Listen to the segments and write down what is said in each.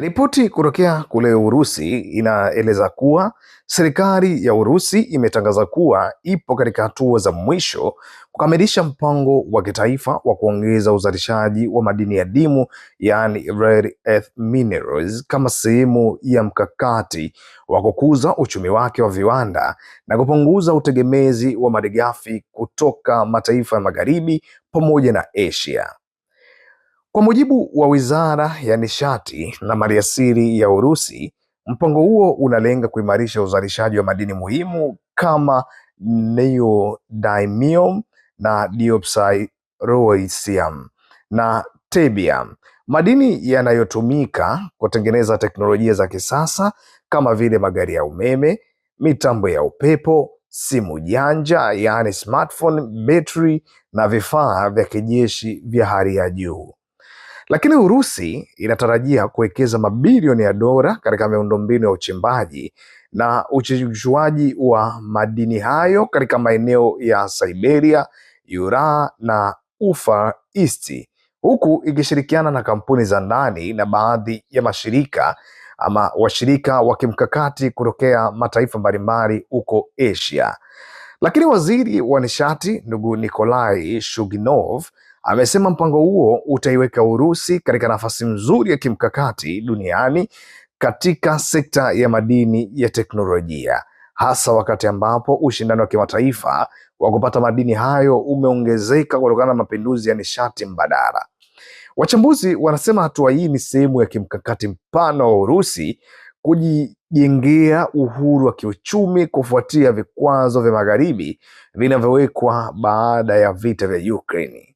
Ripoti kutokea kule Urusi inaeleza kuwa serikali ya Urusi imetangaza kuwa ipo katika hatua za mwisho kukamilisha mpango wa kitaifa wa kuongeza uzalishaji wa madini ya dimu yani rare earth minerals, kama sehemu ya mkakati wa kukuza uchumi wake wa viwanda na kupunguza utegemezi wa malighafi kutoka mataifa ya Magharibi pamoja na Asia. Kwa mujibu wa Wizara ya Nishati na Maliasili ya Urusi, mpango huo unalenga kuimarisha uzalishaji wa madini muhimu kama neodymium na dioxyroacium na terbium, madini yanayotumika kutengeneza teknolojia za kisasa kama vile magari ya umeme, mitambo ya upepo, simu janja yaani smartphone, battery na vifaa vya kijeshi vya hali ya juu. Lakini Urusi inatarajia kuwekeza mabilioni ya dola katika miundombinu ya uchimbaji na uchujuaji wa madini hayo katika maeneo ya Siberia, Ura na Ufa East, huku ikishirikiana na kampuni za ndani na baadhi ya mashirika ama washirika wa kimkakati kutokea mataifa mbalimbali huko Asia. Lakini waziri wa nishati ndugu Nikolai Shuginov Amesema mpango huo utaiweka Urusi katika nafasi nzuri ya kimkakati duniani katika sekta ya madini ya teknolojia, hasa wakati ambapo ushindani wa kimataifa wa kupata madini hayo umeongezeka kutokana na mapinduzi ya nishati mbadala. Wachambuzi wanasema hatua hii ni sehemu ya kimkakati mpana wa Urusi kujijengea uhuru wa kiuchumi kufuatia vikwazo vya magharibi vinavyowekwa baada ya vita vya Ukraine.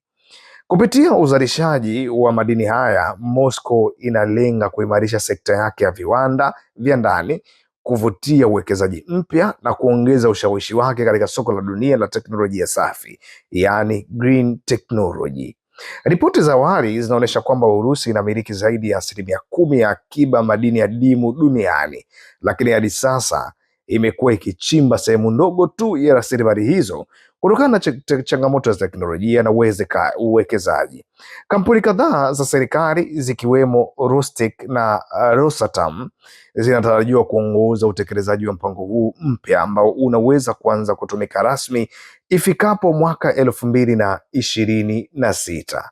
Kupitia uzalishaji wa madini haya, Moscow inalenga kuimarisha sekta yake ya viwanda vya ndani, kuvutia uwekezaji mpya na kuongeza ushawishi wake katika soko la dunia la teknolojia safi, yaani green technology. Ripoti za awali zinaonyesha kwamba Urusi inamiliki zaidi ya asilimia kumi ya akiba madini ya dimu duniani, lakini hadi sasa imekuwa ikichimba sehemu ndogo tu ya rasilimali hizo kutokana na ch ch changamoto za teknolojia na uwekezaji. Kampuni kadhaa za serikali zikiwemo Rustic na uh, Rosatom zinatarajiwa kuongoza utekelezaji wa mpango huu mpya ambao unaweza kuanza kutumika rasmi ifikapo mwaka elfu mbili na ishirini na sita.